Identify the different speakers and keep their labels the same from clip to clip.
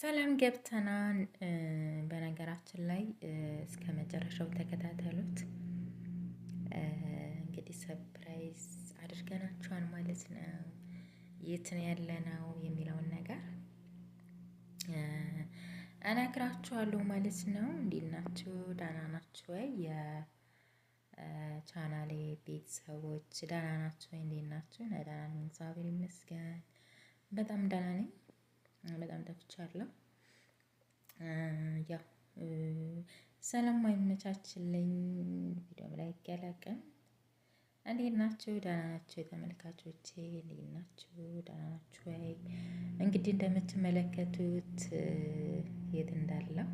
Speaker 1: ሰላም ገብተናን። በነገራችን ላይ እስከ መጨረሻው ተከታተሉት። እንግዲህ ሰርፕራይዝ አድርገናችኋል ማለት ነው። የት ነው ያለነው የሚለውን ነገር እነግራችኋለሁ ማለት ነው። እንዴት ናችሁ? ደህና ናችሁ ወይ? የቻናሌ ቤተሰቦች ደህና ናችሁ ወይ? እንዴት ናችሁ? ደህና ነኝ፣ እግዚአብሔር ይመስገን፣ በጣም ደህና ነኝ። በጣም ጠፍቻለሁ። ያው ሰላም አይመቻችልኝ ቪዲዮም ላይ አይቀላቅም። እንዴት ናችሁ? ደህና ናችሁ? ተመልካቾቼ እንዴት ናችሁ? ደህና ናችሁ ወይ? እንግዲህ እንደምትመለከቱት የት እንዳለው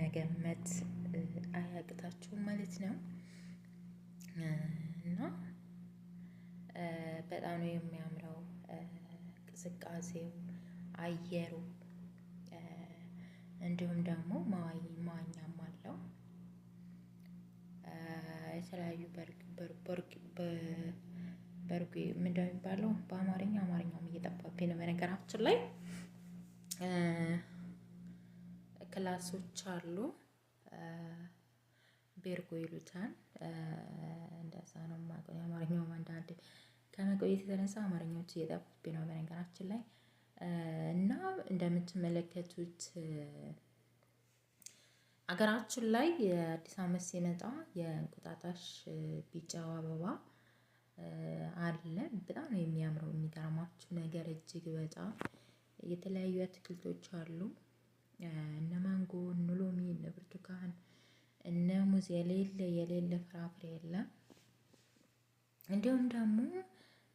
Speaker 1: መገመት አያቅታችሁም ማለት ነው። እና በጣም ነው የሚያምረው ቅዝቃዜው አየሩ እንዲሁም ደግሞ መዋኛም አለው። የተለያዩ በርጉ ምንድነው የሚባለው በአማርኛ አማርኛውም እየጠፋብኝ ነው በነገራችን ላይ ክላሶች አሉ። ቤርጎ ይሉታል። እንደዛ ነው የማውቀው የአማርኛውም አንዳንዴ ከመቆየት የተነሳ አማርኛዎች እየጠፉብኝ ነው በነገራችን ላይ እና እንደምትመለከቱት አገራችን ላይ የአዲስ አመት ሲመጣ የእንቁጣጣሽ ቢጫ አበባ አለ። በጣም ነው የሚያምረው። የሚገርማችሁ ነገር እጅግ በጣም የተለያዩ አትክልቶች አሉ። እነ ማንጎ፣ እነ ሎሚ፣ እነ ብርቱካን፣ እነ ሙዝ የሌለ የሌለ ፍራፍሬ የለም። እንዲሁም ደግሞ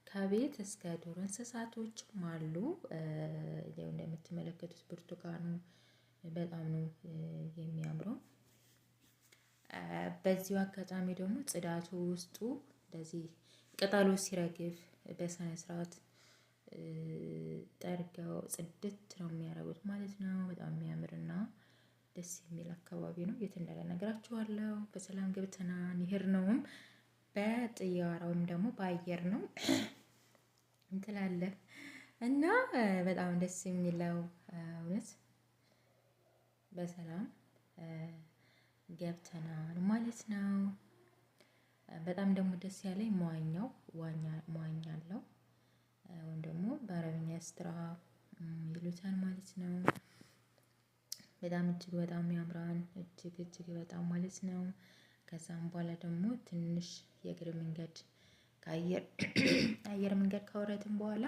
Speaker 1: ከቤት እስከ ዱር እንስሳቶችም አሉ። ያው እንደምትመለከቱት ብርቱካኑ በጣም ነው የሚያምረው። በዚሁ አጋጣሚ ደግሞ ጽዳቱ ውስጡ እንደዚህ ቅጠሉ ሲረግፍ በስነ ስርዓት ጠርገው ጽድት ነው የሚያደርጉት ማለት ነው። በጣም የሚያምርና ደስ የሚል አካባቢ ነው። የት እንዳለ ነገራችኋለሁ። በሰላም ገብተናል። ይሄር ነውም በጥያራ ወይም ደግሞ በአየር ነው። እንትላለን እና በጣም ደስ የሚለው እውነት በሰላም ገብተናል ማለት ነው። በጣም ደግሞ ደስ ያለኝ መዋኛው መዋኛ አለው ወይም ደግሞ በአረብኛ ስትራ ይሉታል ማለት ነው። በጣም እጅግ በጣም ያምራል እጅግ እጅግ በጣም ማለት ነው። ከዛም በኋላ ደግሞ ትንሽ የእግር መንገድ ከአየር መንገድ ከወረድን በኋላ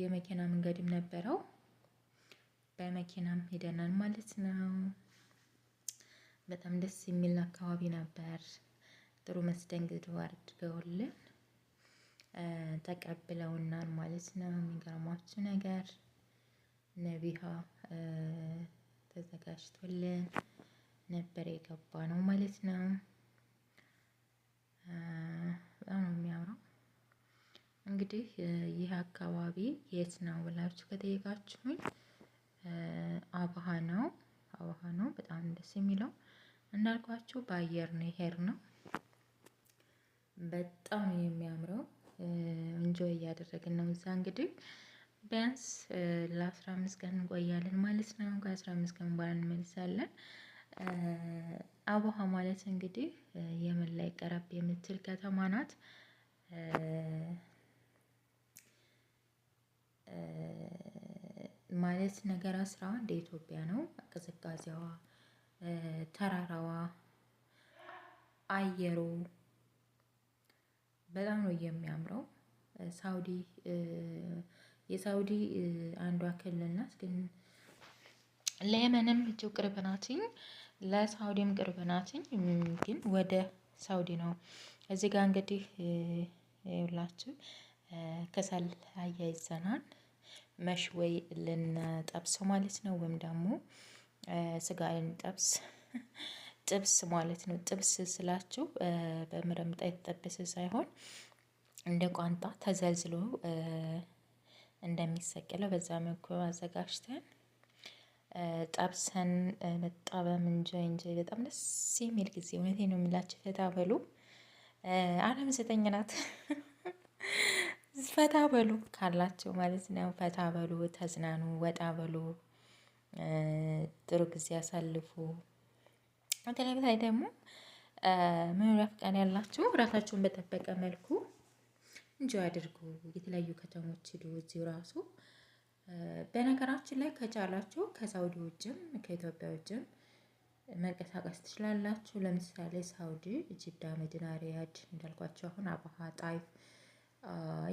Speaker 1: የመኪና መንገድም ነበረው። በመኪናም ሄደናል ማለት ነው። በጣም ደስ የሚል አካባቢ ነበር። ጥሩ መስተንግዶ አድርገውልን ተቀብለውናል ማለት ነው። የሚገርማችሁ ነገር ነቢሃ ተዘጋጅቶልን ነበር የገባ ነው ማለት ነው። በጣም ነው የሚያምረው። እንግዲህ ይህ አካባቢ የት ነው ብላችሁ ከጠየቃችሁኝ አብሃ ነው። አብሃ ነው በጣም ደስ የሚለው እንዳልኳችሁ በአየር ነው ሄር ነው በጣም የሚያምረው። እንጆይ እያደረግን ነው እዛ እንግዲህ ቢያንስ ለአስራ አምስት ቀን እንቆያለን ማለት ነው። ከአስራ አምስት ቀን በኋላ እንመልሳለን። አቡሃ ማለት እንግዲህ የመን ላይ ቀረብ የምትል ከተማ ናት። ማለት ነገር አስራ እንደ ኢትዮጵያ ነው። ቅዝቃዜዋ፣ ተራራዋ፣ አየሩ በጣም ነው የሚያምረው። ሳውዲ የሳውዲ አንዷ ክልል ናት፣ ግን ለየመንም እጅው ቅርብ ናትኝ። ለሳውዲም ቅርብ ናትኝ፣ ግን ወደ ሳውዲ ነው። እዚህ ጋር እንግዲህ ይውላችሁ ከሰል አያይዘናል። መሽ ወይ ልንጠብስ ማለት ነው፣ ወይም ደግሞ ስጋ ልንጠብስ ጥብስ ማለት ነው። ጥብስ ስላችሁ በምረምጣ የተጠበሰ ሳይሆን እንደ ቋንጣ ተዘልዝሎ እንደሚሰቀለው በዛ መልኩ አዘጋጅተን ጠብሰን መጣበም እንጆይ እንጆይ በጣም ደስ የሚል ጊዜ እውነቴ ነው የሚላቸው ፈታ በሉ ዓለም ዘጠኝ ናት። ፈታ በሉ ካላቸው ማለት ነው። ፈታ በሉ፣ ተዝናኑ፣ ወጣ በሉ፣ ጥሩ ጊዜ አሳልፉ። በተለይ በተለይ ደግሞ መኖሪያ ፈቃድ ያላችሁ ራሳችሁን በጠበቀ መልኩ እንጆ አድርጉ። የተለያዩ ከተሞች ሂዱ እዚሁ ራሱ በነገራችን ላይ ከቻላችሁ ከሳውዲ ውጭም ከኢትዮጵያ ውጭም መንቀሳቀስ ትችላላችሁ። ለምሳሌ ሳውዲ፣ ጅዳ፣ መዲና፣ ሪያድ እንዳልኳቸው አሁን አብሃ፣ ጣይፍ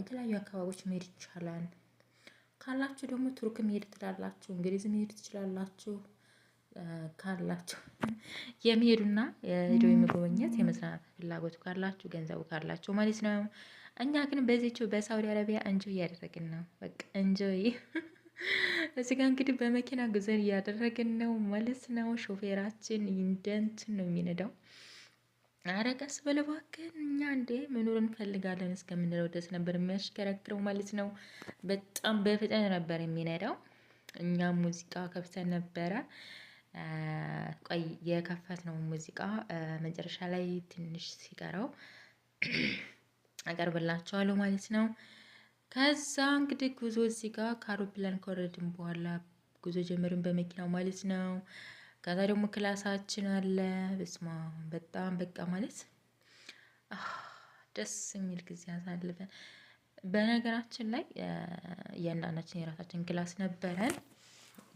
Speaker 1: የተለያዩ አካባቢዎች መሄድ ይቻላል። ካላችሁ ደግሞ ቱርክ መሄድ ትችላላችሁ፣ እንግሊዝ መሄድ ትችላላችሁ። ካላቸው የሚሄዱና ሄደው የመጎበኘት የመዝናናት ፍላጎት ካላችሁ ገንዘቡ ካላችሁ ማለት ነው። እኛ ግን በዚችው በሳውዲ አረቢያ እንጆይ እያደረግን ነው። በቃ እንጆይ እዚህ እንግዲህ በመኪና ጉዘን እያደረግን ነው ማለት ነው። ሾፌራችን እንደንትን ነው የሚነዳው። ኧረ ቀስ በል እባክህን፣ እኛ እንዴ መኖር እንፈልጋለን እስከምንለው ድረስ ነበር የሚያሽከረክረው ማለት ነው። በጣም በፍጥነት ነበር የሚነዳው። እኛ ሙዚቃ ከፍተን ነበረ ቆይ ነው ሙዚቃ መጨረሻ ላይ ትንሽ ሲቀረው አቀርብላቸዋለሁ ማለት ነው። ከዛ እንግዲህ ጉዞ እዚህ ጋር ከአውሮፕላን ከወረድን በኋላ ጉዞ ጀምርን በመኪናው ማለት ነው። ከዛ ደግሞ ክላሳችን አለ። በስማ በጣም በቃ ማለት ደስ የሚል ጊዜ አሳልፈን በነገራችን ላይ እያንዳንዳችን የራሳችን ክላስ ነበረን።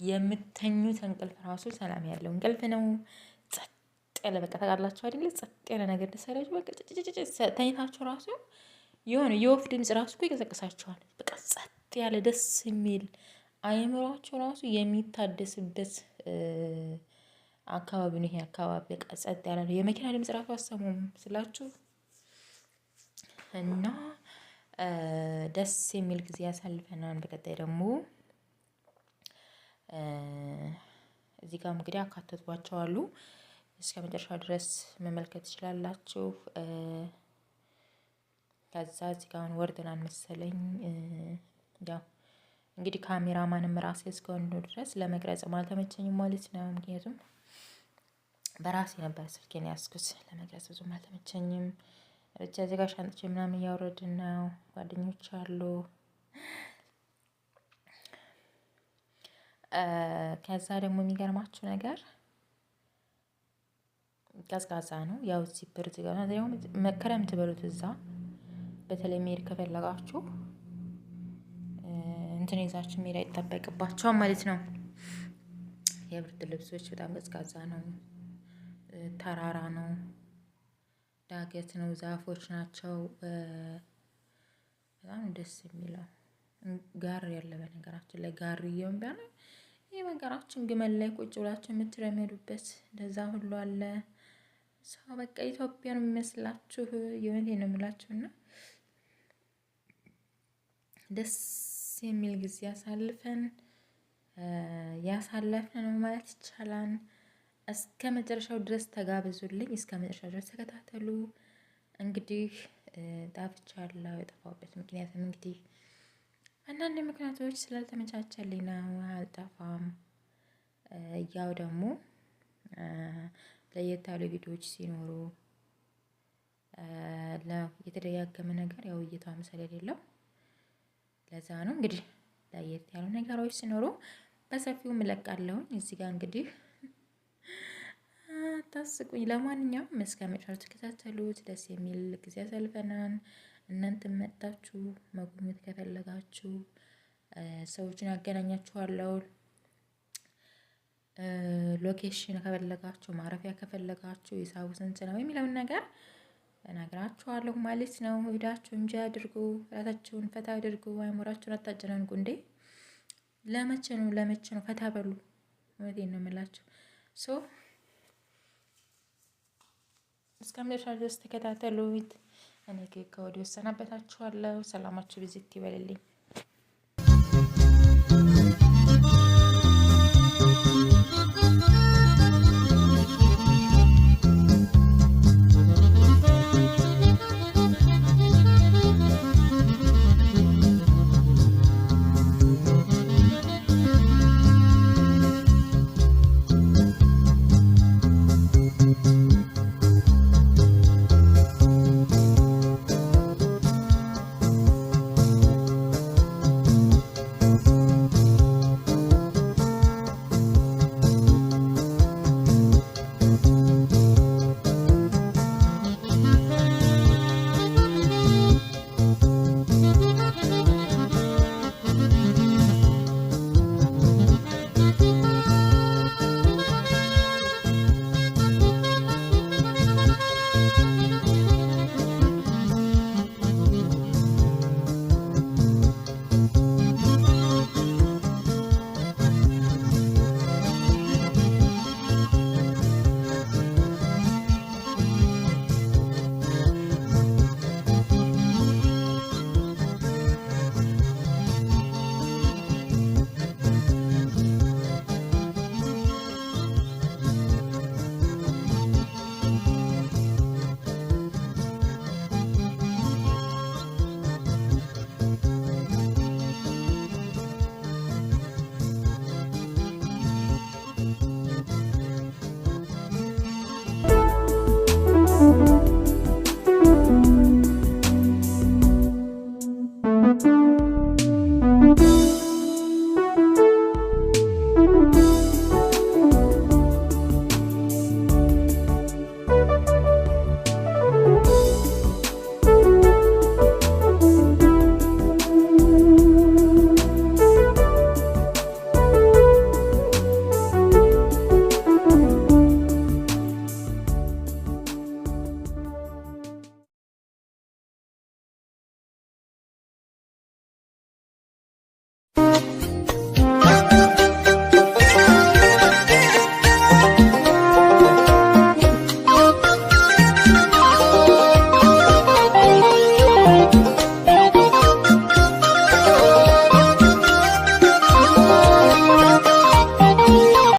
Speaker 1: የምተኙት እንቅልፍ ራሱ ሰላም ያለው እንቅልፍ ነው። ጸጥ ያለ በቃ ተጋላችሁ አይደለ? ጸጥ ያለ ነገር ደሰላችሁ በቃ ተኝታችሁ ራሱ የሆነ የወፍ ድምፅ ራሱ እኮ ይቀሰቅሳችኋል። በቃ ጸጥ ያለ ደስ የሚል አይምሯችሁ ራሱ የሚታደስበት አካባቢ ነው። ይሄ አካባቢ በቃ ጸጥ ያለ ነው። የመኪና ድምፅ ራሱ አሰሙም ስላችሁ እና ደስ የሚል ጊዜ ያሳልፈናል። በቀጣይ ደግሞ እዚህ ጋር እንግዲህ አካተትኳቸው አሉ። እስከ መጨረሻ ድረስ መመልከት ትችላላችሁ። ከዛ እዚህ ጋር አሁን ወርደናል መሰለኝ። ያው እንግዲህ ካሜራማንም ራሴ እስከሆነ ድረስ ለመቅረጽ አልተመቸኝም ማለት ነው። ምክንያቱም በራሴ ነበር ስልኬን ያዝኩት፣ ለመቅረጽ ብዙም አልተመቸኝም። ብቻ እዚህ ጋር ሻንጥቼ ምናምን እያወረድን ነው። ጓደኞች አሉ ከዛ ደግሞ የሚገርማችሁ ነገር ቀዝቃዛ ነው። ያው እዚህ ብርድ ጋር መከረም ትበሉት እዛ በተለይ መሄድ ከፈለጋችሁ እንትን ይዛችሁ መሄድ አይጠበቅባቸውም ማለት ነው። የብርድ ልብሶች በጣም ቀዝቃዛ ነው። ተራራ ነው፣ ዳገት ነው፣ ዛፎች ናቸው። በጣም ደስ የሚለው ጋር ያለ በነገራችን ላይ ጋር እየሆን ይህ በሀገራችን ግመል ላይ ቁጭ ብላችሁ የምትረመዱበት እንደዛ ሁሉ አለ። ሰው በቃ ኢትዮጵያ ነው የሚመስላችሁ። የሆነ ነው የምላችሁና ደስ የሚል ጊዜ ያሳልፈን ያሳለፍን ነው ማለት ይቻላል። እስከ መጨረሻው ድረስ ተጋብዙልኝ፣ እስከ መጨረሻው ድረስ ተከታተሉ። እንግዲህ ጣፍቻለሁ። የጠፋሁበት ምክንያትም እንግዲህ አንዳንድ ምክንያቶች ስላልተመቻቸልኝ ነው አልጠፋም። ያው ደግሞ ለየት ያሉ ቪዲዮዎች ሲኖሩ የተደጋገመ ነገር ያው እይታም የሌለው ለዛ ነው እንግዲህ ለየት ያሉ ነገሮች ሲኖሩ በሰፊው እለቃለሁኝ። እዚህ ጋር እንግዲህ አታስቁኝ። ለማንኛውም እስከ መጨረሻው ተከታተሉት። ደስ የሚል ጊዜ አሳልፈናል። እናንተ መጣችሁ መጎብኘት ከፈለጋችሁ ሰዎችን ያገናኛችኋለሁ። ሎኬሽን ከፈለጋችሁ ማረፊያ ከፈለጋችሁ ሂሳቡ ስንት ነው የሚለውን ነገር እነግራችኋለሁ ማለት ነው። ሂዳችሁ እንጂ አድርጉ፣ ራሳችሁን ፈታ አድርጉ፣ አይሞራችሁን አታጨናንቁ። እንዴ ለመቼ ነው ለመቼ ነው? ፈታ በሉ። እውነቴን ነው የምላችሁ። ሶ እስከ መጨረሻ ድረስ ተከታተሉት። እኔ ከወዲሁ ወሰናበታችኋለሁ። ሰላማችሁ ብዝት ይበልልኝ።